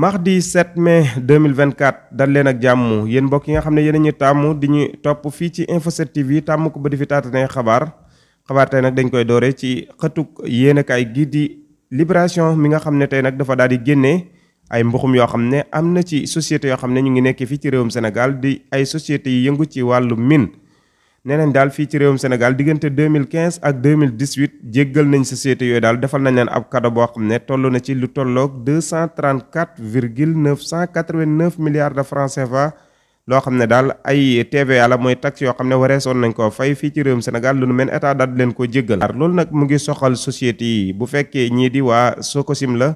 max mardi 7 mai 2024 dal leen ak jàmm yéen mbokk yi nga xam ne yéen a ñu tàmm di ñu topp fii ci Info 7 TV tàmm ko ba di fi taatanee xabaar xabaar tey nag dañ koy doore ci xëtuk yéenekaay gii di Libération mi nga xam ne tey nag dafa daal di génnee ay mbuxum yoo xam ne am na ci société yoo xam ne ñu ngi nekkee fii ci réewum Sénégal di ay société yi yëngu ci wàllu mine nee daal fii ci réewum Sénégal diggante 2015 ak 2018 jéggal nañ société yooyu daal defal na leen ab cadeau boo xam ne toll na ci lu tolloog 234 virgule 989 milliards de francs CFA loo xam ne daal ay TVA la mooy taxe yoo xam ne wareesoon nañ koo fay fii ci réewum Sénégal lu nu mel état daal leen ko jéggal loolu nag mu ngi soxal société yi bu fekkee ñii di waa sim la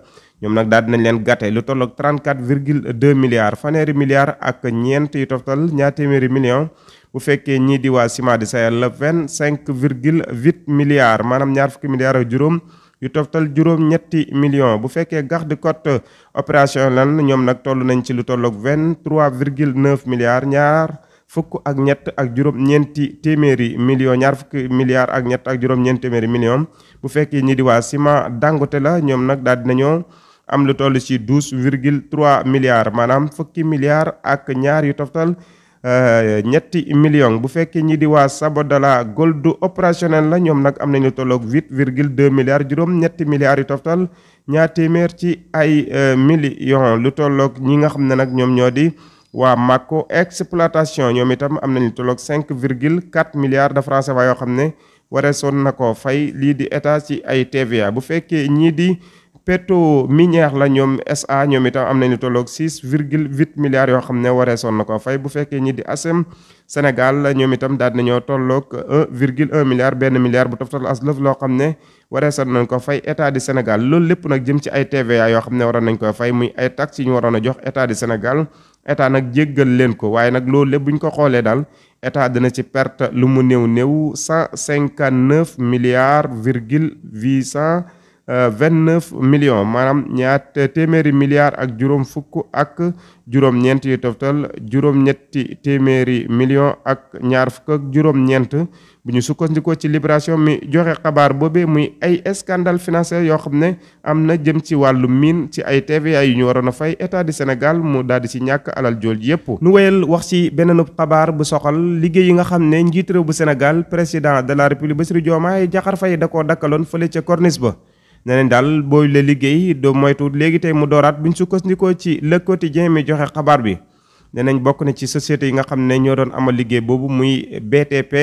ñoom nag daal dinañ leen gàtte lu tolloog 34 virgule 2 milliards faneeri milliards ak ñeenti yu toftal ñaar téeméeri millions bu fekkee ñii di waa ciment du Sahel la 25 virgule 8 milliards maanaam ñaar fukki milliards juróom yu toftal juróom ñetti bu fekkee garde-côte opération lan ñoom nag toll nañ ci lu tolloog 23 virgule 9 milliards ñaar fukk ak ñett ak juróom ñeenti téeméeri millions ñaar fukki milliards ak ñett ak juróom ñeenti téeméeri millions bu fekkee ñii di waa ciment Dangote la ñoom nag daal dinañoo am lu toll ci douze virgule trois milliards maanaam fukki milliards ak ñaar yu toftal euh, ñetti millions bu fekkee ñii di waa Sabodala Gold opérationnel la ñoom nag am nañu lu tolloog huit virgule deux milliards juróom ñetti milliards yu toftal ñaar téeméer ci ay euh, millions lu tolloog ñi nga xam ne nag ñoom ñoo di waa Mako exploitation ñoom itam am nañu lu tolloog cinq virgule quatre milliards de francs CFA yoo xam ne wareesoon na ko fay lii di état ci ay TVA bu fekkee ñii di. petro minière la ñoom SA ñoom itam am nañu tolloog 6 virgule 8 milliards yoo xam ne soon na ko fay bu fekkee ñi di ASM Sénégal ñoom itam daal nañoo tolloog 1 virgule 1 milliard benn milliard bu toftal as lëf loo xam ne wareesoon nañ ko fay état Sénégal loolu lépp nag jëm ci ay TVA yoo xam ne waroon nañ ko fay muy ay taxes yi waroon a jox état du Sénégal état nag jéggal leen ko waaye nag loolu lépp bu ñu ko xoolee daal état dina ci perte lu mu néew néew cinquante 159 milliards virgule 800 Euh, vingt-neuf millions maanaam ñaar téeméeri milliards ak juróom fukk ak juróom-ñeent yu toftal juróom-ñetti téeméeri millions ak ñaar fukk ak juróom-ñeent bu ñu sukkandikoo ci libération mi joxe xabaar boobee muy ay scandale financier yoo xam ne am na jëm ci wàllu miin ci ay TVA yu ñu waroon a fay état du Sénégal mu daal di si ñàkk alal jool yépp nu wéyal wax ci beneenub xabaar bu soxal liggéey yi nga xam ne njiit réew bu Sénégal président de la république Bassirou Diomaye Diakhar Faye da koo dakkaloon fële ca corniche ba neneen daal booy la liggéey doo moytu léegi tey mu dooraat ñu buñ ndikoo ci le quotidien mi joxe xabaar bi ne nañ bokk na ci société yi nga xam ne ñoo doon amal liggéey boobu muy BTP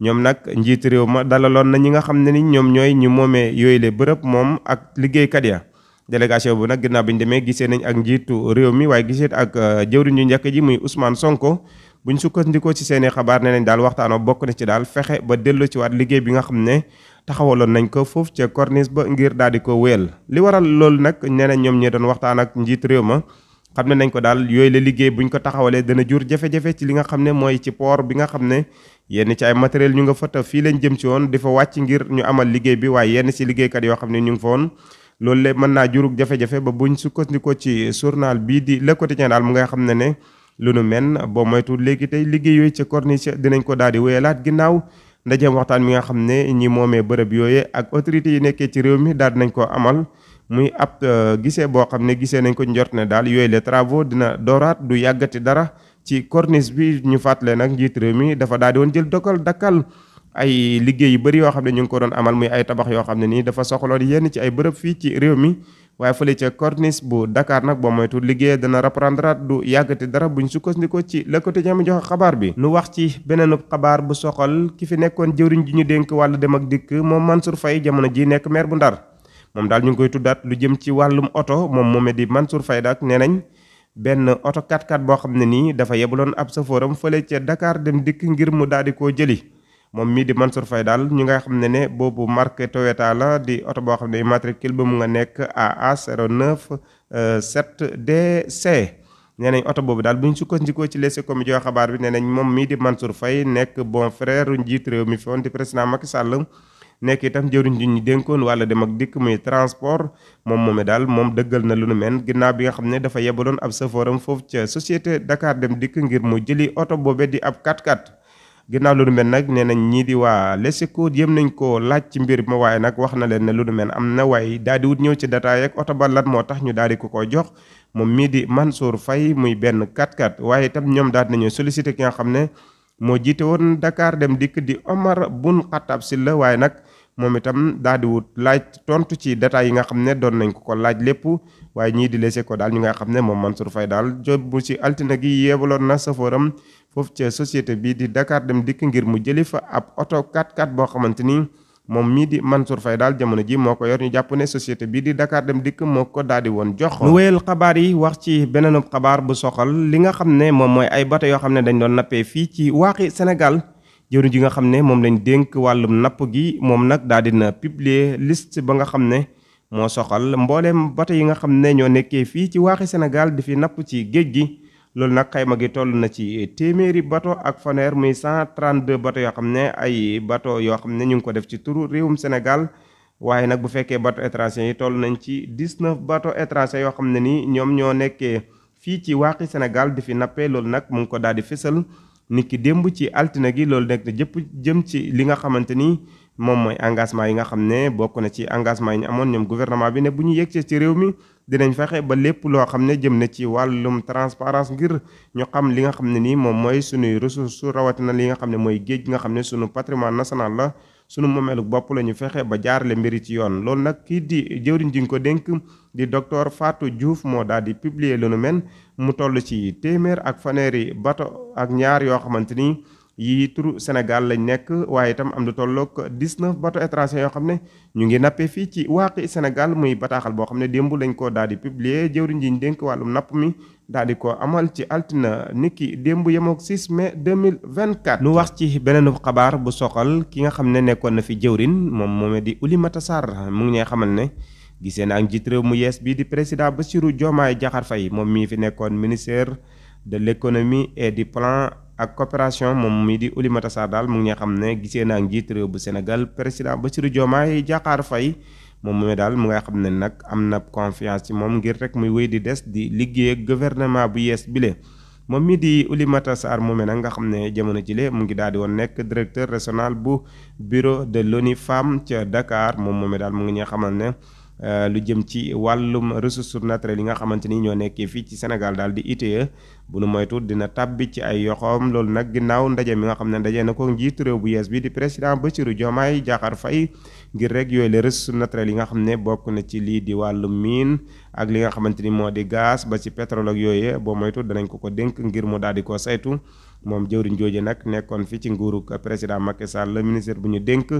ñoom nag njiit réew ma dalaloon na ñi nga xam ne ni ñoom ñooy ñu moomee yooyu le bërëb moom ak liggéeykat ya délégation bu nag ginnaaw bi ñu demee gisee nañ ak njiitu réew mi waaye giseet ak euh, jëwriñ ñu njëkk ji muy Ousmane Sonko buñ ndikoo ci seeni xabaar ne nañ daal waxtaanoo bokk na ci daal fexe ba dellu ci waat liggéey bi nga xam ne taxawaloon nañ ko foofu ca corniche ba ngir daal di ko wéyal li waral loolu nag nee ñoom ñee doon waxtaan ak njiit réew ma xam ne nañ ko daal yooyu la liggéey buñ ko taxawalee dana jur jafe-jafe ci li nga xam ne mooy ci port bi nga xam ne yenn ci ay matériel ñu nga fa fii lañ jëm ci woon di wàcc ngir ñu amal bi waaye yenn ci liggéeykat yoo xam ne ñu ngi fa woon loolu le mën naa jurug jafe-jafe ba buñ sukkandikoo ci surnal bii di Le Quotidien daal mu ngay xam ne ne lu nu men boo moytu léegi tey liggéey yooyu ca corniche dinañ ko daal di wéyalaat ginnaaw ndajeem waxtaan mi nga xam ne ñii moomee bërëb yooye ak autorités yi nekkee ci réew mi daal nañ koo amal muy ab euh, gisee boo xam ne gisee nañ ko njort ne daal yooyu les travaux dina dooraat du yàggati dara ci corniche bi ñu fàttale nag njiit réew mi dafa daal di woon jël dogal dakkal ay liggéey yu bëri yoo xam ne ñu ngi ko doon amal muy ay tabax yoo xam ne nii dafa soxaloon yenn ci ay bërëb fii ci réew mi waaye fële ca corniche bu Dakar nag boo moytu liggéeyee dana reprendre du yàggati dara buñ sukkandikoo ci Le Quotidien mi joxe xabaar bi nu wax ci beneen xabaar bu soxal ki fi nekkoon jëwriñ ji ñu dénk wàllu dem ak dikk moom Mansour fay jamono ji nekk maire bu Ndar moom daal ñu ngi koy tuddaat lu jëm ci wàllum oto moom moome di Mansour fay daak nee nañ benn oto 4 x boo xam ne nii dafa yebaloon ab safooram fële ca Dakar dem dikk ngir mu daal di koo jël moom mii di Mansour fay daal ñi ngay xam ne ne boobu marque Toyota la di oto boo xam ne matricule ba mu nga nekk AA 097DC euh, nee nañ oto boobu daal bu ñu sukkandikoo ci les comi xabaar bi nee nañ moom mii di Mansour nekk bon frère njiit réew mi fi woon di président Macky Sall nekk itam jëruñ ji ñu dénkoon walla dem ak dikk muy transport moom moom moome daal moom dëggal na lu nu meen ginnaaw bi nga xam ne dafa yebaloon ab safooram foofu ca société Dakar dem dikk ngir mu jëli oto boobe di ab 4 x ginnaaw lu nu mel nag nee nañ ñii di waa Les Échos jéem nañ koo laaj ci mbir ma waaye nag wax na leen ne lu nu mel am na waaye daal di wut ñëw ci détail ak oto ba lan moo tax ñu daal di ko koy jox moom mii di Mansour Faye muy benn 4 x waaye itam ñoom daal nañu sollicité ki nga xam ne moo jiite woon Dakar dem dikk di Omar Bun Xatab si la waaye nag moom itam daal di wut laaj tontu ci détails yi nga xam ne doon nañ ko ko laaj lépp waaye ñii di Les daal ñu nga xam ne moom Mansour Faye daal job bu ci altine gi yeebaloon na safooram foofu ca société bi di Dakar dem dikk ngir mu jëli fa ab oto 4 x boo xamante ni moom mii di man Mansour Faye daal jamono ji moo ko yor ñu jàpp ne société di Dakar dem dikk moo ko daal di woon jox lu wéyal xabaar yi wax ci beneenub xabaar bu soxal li nga xam ne moom mooy ay bata yoo xam ne dañ doon nappee fii ci waaxi Sénégal jëwriñ ji nga xam ne moom lañ dénk wàllum napp gi moom nag daal na publier list ba nga xam ne moo soxal mbooleem bato yi nga xam ne ñoo nekkee fii ci waaxi Sénégal di fi napp ci géej gi loolu nag xayma gi toll na ci téeméeri bato ak fanweer muy 132 bato yoo xam ne ay bato yoo xam ne ñu ngi ko def ci turu réewum Sénégal waaye nag bu fekkee bato étranger yi toll nañ ci 19 bato étranger yoo xam ne ni ñoom ñoo nekkee fii ci waaxi Sénégal di fi nappee loolu nag mu ngi ko daal di fësal nit ki démb ci altine gi loolu nekk na jëpp jëm ci li nga xamante ni moom mooy engagement yi nga xam ne bokk na ci engagement yi ñu amoon ñoom gouvernement bi ne bu ñu yegg ci réew mi dinañ fexe ba lépp loo xam ne jëm na ci wàllum transparence ngir ñu xam li nga xam ne nii moom mooy sunuy ressource rawatina li nga xam ne mooy géej gi nga xam ne sunu patrimoine national la sunu moomeelu bopp la ñu fexe ba jaarale mbiri ci yoon loolu nag kii di jëwriñ ji nga ko dénk di doctor faatu Diouf moo daal di publier lu nu men mu toll ci téeméer ak faneeri bato ak ñaar yoo xamante ni yi turu Sénégal lañ nekk waaye itam am du tolloog 19 bateaux étrangers yoo xam ne ñu ngi nappee fii ci waaqi Sénégal muy bataaxal boo xam ne démb lañ ko daal di publier jëwriñ ji dénk wàllum napp mi daal di ko amal ci altina niki démb yemook 6 mai 2024. nu wax ci beneen xabaar bu soxal ki nga xam ne nekkoon na fi jëwriñ moom moomee di Oulimata Sarr mu ngi ñuy xamal ne. gisee na ak njiit mu yees bii di président Bassirou Diomaye Diakhar Faye moom mii fi nekkoon ministère de l' économie et du ak coopération moom mii di Oulimata Sarr daal mu ngi xam ne gisee naa njiit réew bu Sénégal président Bassirou Diomaye Diakhar Faye moom mooy daal mu nga xam ne nag am na confiance ci moom ngir rek muy wéy di des di liggéey ak gouvernement bu yees bile. moom mii di Oulimata Sarr moomee nag nga xam ne jamono jile mu ngi daal di woon nekk directeur régional bu bureau de l'ONU Femmes ca Dakar moom moomee daal mu ngi ñuy xamal ne. Euh, lu jëm ci wàllum ressources naturelles yi nga xamante ni ñoo nekkee fii ci Sénégal daal di ITIE bu nu moytu dina tàbbi ci ay yoxoom loolu nag ginnaaw ndaje mi nga xam ne ndaje na ko njiitu réew bu yees bi di président Bassirou Diomaye Diakhar fay ngir rek yooyu les ressources naturelles yi nga xam ne bokk na ci lii di wàllum mine ak li nga xamante ni moo di gaz ba ci pétrole yooyu boo moytu danañ ko ko dénk ngir mu daal di ko saytu. moom jëwriñ jooju nag nekkoon fi ci nguuru président Macky Sall la ministre bu ñu dénk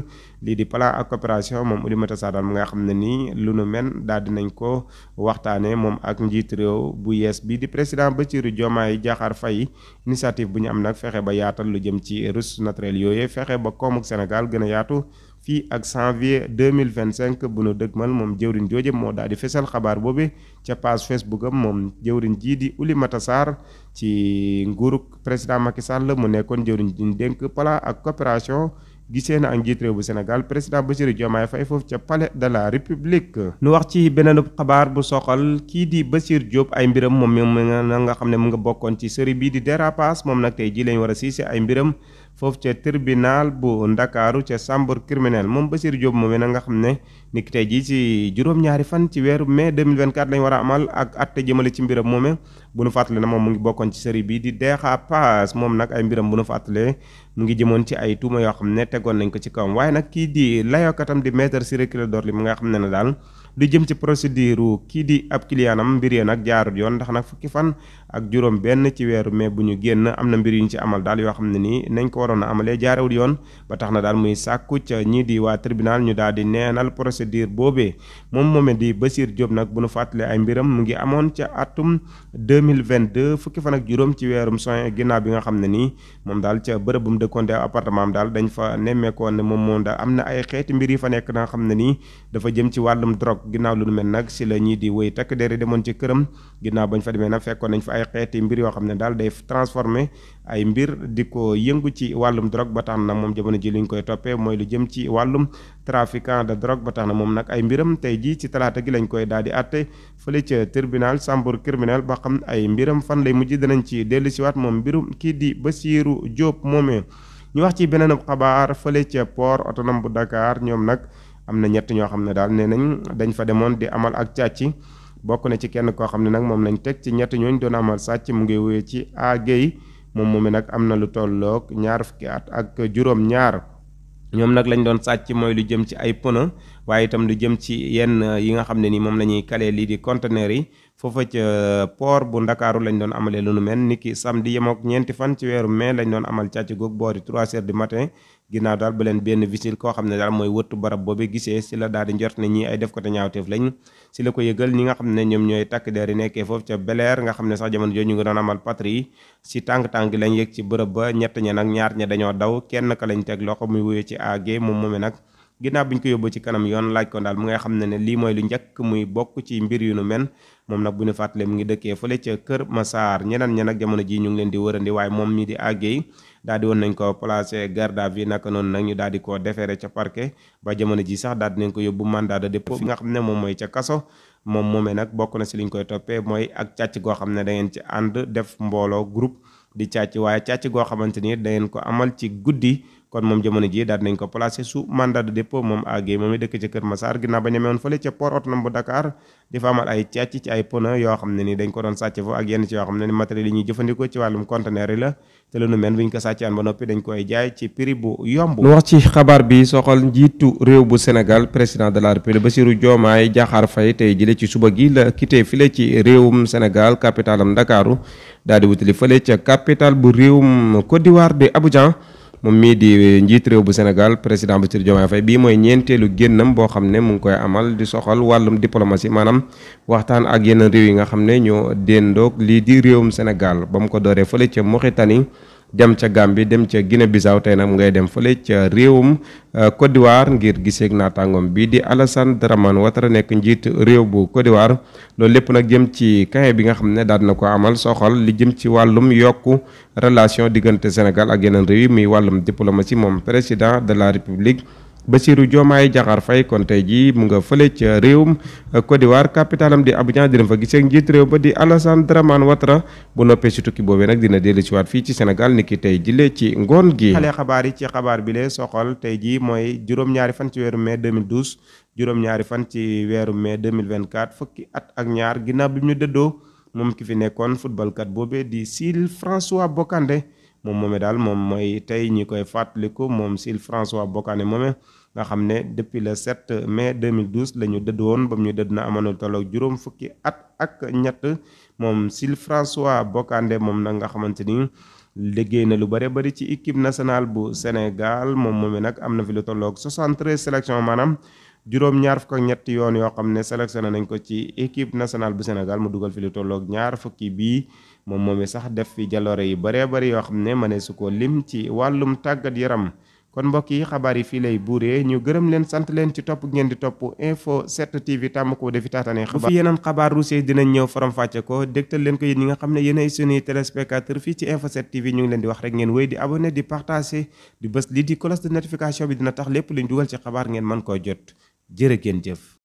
lii di plan ak coopération moom Oulimata Sarr daal mu nga xam ne nii lu nu men daal dinañ ko waxtaanee moom ak njiit réew bu yees bi di président ba Bassirou Diomaye Diakhar fay initiative bu ñu am nag fexe ba yaatal lu jëm ci ressources naturelles yooyu fexe ba koomuk Sénégal gën a yaatu fii ak janvier 2025 bu nu dëgmal moom jëwriñ jooje moo daal di fesal xabaar boobe ca page Facebook am moom jëwriñ jii di Oulimata Sarr ci nguuruk président Macky Sall mu nekkoon jëwriñ diñ dénk plan ak coopération gisee na ak njiit bu Sénégal président Bassirou Diomaye fay foofu ca pale de la république nu wax ci beneen xabaar bu soxal kii di Bassirou Diop ay mbiram moom mi nga xam ne mu nga bokkoon ci série bii di dera dérapage moom nag tey jii lañ war a siise ay mbiram foofu ca tribunal bu ndakaaru ca chambre criminelle moom ba Bassirou Diop moom na nga xam ne niki tey jii ci juróom-ñaari fan ci weeru mai 2024 lañ war a amal ak atte jëmale ci mbiram moome bu nu fàttale na moom mu ngi bokkoon ci série bii di Dexa Pass moom nag ay mbiram bu nu fàttalee mu ngi jëmoon ci ay tuuma yoo xam ne tegoon nañ ko ci kawam waaye nag kii di katam di maître Ciré Clédor Ly mu nga xam ne na daal lu jëm ci procédure kii di ab kiliyaanam mbir yee nag jaarut yoon ndax nag fukki fan ak juróom benn ci weeru mais bu ñu génn am na mbir yu ñu ci amal daal yoo xam ne nii nañ ko waroon a amalee jaarewul yoon ba tax na daal muy sàkku ca ñii di waa tribunal ñu daal di neenal procédure boobee moom moome di Basir Diop nag bu nu fàttalee ay mbiram mu ngi amoon ca atum 2022 fukki fan ak juróom ci weerum soin ginnaaw bi nga xam ne nii moom daal ca bërëbum dëkkoon de appartement am daal dañ fa nemmeekoon ne moom moom daal am na ay xeeti mbir yi fa nekk na xam ne nii dafa jëm ci wàllum drogue ginnaaw lu nu mel nag si la ñii di wéy takk dere demoon ci këram ginnaaw bañ fa demee nag fekkoon nañ fa ay xeeti mbir yoo xam ne daal day transformé ay mbir di ko yëngu ci wàllum drogue ba tax na moom jamono ji li koy toppee mooy lu jëm ci wàllum trafiquant de drogue ba tax na moom nag ay mbiram tey jii ci talaata gi lañ koy daal di àtte fële ca tribunal chambre criminelle ba xam ay mbiram fan lay mujj danañ ci dellu siwaat moom mbirum kii di Basiiru Jóob moomee ñu wax ci beneen xabaar fële ca poor autonome bu Dakar ñoom nag am na ñett ñoo xam ne daal nee nañ dañ fa demoon di amal ak càcc bokk na ci kenn koo xam ne nag moom lañ teg ci ñett ñooñ doon amal sàcc mu ngi wéy ci agéy moom moomi nag am na lu tolloog ñaar fukki at ak juróom ñaar ñoom nag lañ doon sàcc mooy lu jëm ci ay pneu waaye itam lu jëm ci yenn yi nga xam ne nii moom la ñuy kale lii di conteneur yi foofa ca poor bu ndakaaru lañ doon amale lu nu mel ni ki samedi yem ak fan ci weeru mai lañ doon amal càcc googu boori 3 heures du matin ginnaaw daal ba leen benn visil koo xam ne daal mooy wëttu barab boobe gisee si la daal di njort ne ñi ay def ko te ñaawteef lañ si la ko yëgal ñi nga xam ne ñoom ñooy takk der yi nekkee foofu ca beleer nga xam ne sax jamono jooju ñu ngi amal patrie si tàng-tàng lañ yëg ci bërëb ba ñett ña nag ñaar ña dañoo daw kenn ka lañ teg loxo muy wuyee ci ag moom moome nag ginnaaw bi ñu ko yóbboo ci kanam yoon laaj ko daal mu ngay xam ne ne lii mooy lu njëkk muy bokk ci mbir yu nu men moom nag bu ñu fàttalee mu ngi dëkkee fële ca Kër Massar ñeneen ña nag jamono jii ñu ngi leen di wërandi waaye moom mi di àggee daal di woon nañ ko placé garde à vue naka noonu nag ñu daal di ko defeere ca parquet ba jamono ji sax dal di nañ ko yóbbu mandat de dépôt xam ne moom mooy ca kaso moom moomee nag bokk na si liñ koy toppee mooy ak càcc goo xam ne da ngeen ci ànd def mbooloo groupe di càcc waaye càcc goo xamante ni dangeen ko amal ci guddi kon moom jamono ji daal nañ ko placé su mandat de dépôt moom àggee moom it dëkk ca Kër Massar ginnaaw ba ñamewoon fële ca port autonome bu Dakar di fa amal ay càcc ci ay pneu yoo xam ne nii dañ ko doon sàcc foofu ak yenn ci yoo xam ne ni matériel yi ñuy jëfandikoo ci wàllum conteneur yi la te lu nu ko sàccaan ba noppi dañ koy jaay ci prix bu yomb. lu wax ci xabaar bi soxal njiitu réew bu Sénégal président de la République Bassirou Diomaye Diakhar Faye tey jëlee ci suba gi la file ci réewum Sénégal capitalam Dakaru daal di wutali fële ca capital bu réewum Côte d'Ivoire de Abidjan moom mii di njiit réew bu Sénégal président Bassirou Diomaye Faye bii mooy ñeenteelu génnam boo xam ne mu ngi koy amal di soxal wàllum diplomasi maanaam waxtaan ak yeneen réew yi nga xam ne ñoo déndoog lii di réewum Sénégal ba mu ko dooree fële ca Mauritanie dem ca Gambie dem ca Guinée Bissau tey nag mu ngay dem fële ca réewum euh, Côte d'Ivoire ngir giseeg naataangoom bii di Alassane man Ouattara nekk njiit réew bu Côte d'Ivoire loolu lépp nag jëm ci kaye bi nga xam ne daal na ko amal soxol li jëm ci wàllum yokk relation diggante Sénégal ak yeneen réew yi muy wàllum diplomatie moom président de la République Bassirou Diomaye Diakhar Faye kon tey jii mu nga fële ca réewum Côte waar capitale am di Abidjan dina fa gisee ak njiit réew ba di Alassane Dramane Ouattara bu noppee si tukki boobee nag dina dellu siwaat fii ci Sénégal niki tey jile ci ngoon gi. xale xabaar yi ci xabaar bi lee soxal tey jii mooy juróom-ñaari fan ci weeru mai 2012 juróom-ñaari fan ci weeru mai 2024 fukki at ak ñaar ginnaaw bi ñu dëddoo moom ki fi nekkoon footballkat boobee di Syll François Bocandé moom moome daal moom mooy tey ñi koy fàttaliku moom Syll François Bocandé moome. nga xam ne depuis le 7 mai 2012 la ñu dëdd woon ba mu ñu dëdd na amoon tolloog juróom fukki at ak ñett moom Syll François Bocandé moom nag nga xamante ni liggéey na lu bare bari ci équipe nationale bu Sénégal moom moom moomi nag am na fi lu tolloog 73 sélection maanaam juróom ñaar fukk ak ñetti yoon yoo xam ne sélectionné nañ ko ci équipe nationale bu Sénégal mu dugal fi lu tolloog ñaar fukki bii moom moom moomi sax def fi jaloore yi bare bari yoo xam ne mëneesu ko lim ci wàllum tàggat yaram kon mbokk yi xabaar yi fii lay buuree ñu gërëm leen sant leen ci topp ngeen di topp info 7 TV tàmm ko defi taataane xabaar bu fi yeneen xabaar ruusee dinañ ñëw faram-fàcce ko dégtal leen ko yéen ñi nga xam ne yéen ay suñuy téléspectateur fii ci info 7 TV ñu ngi leen di wax rek ngeen wéy di abonné di partager di bës lii di cloche de notification bi dina tax lépp luñ dugal ci xabaar ngeen man koo jot jërë ngeen jëf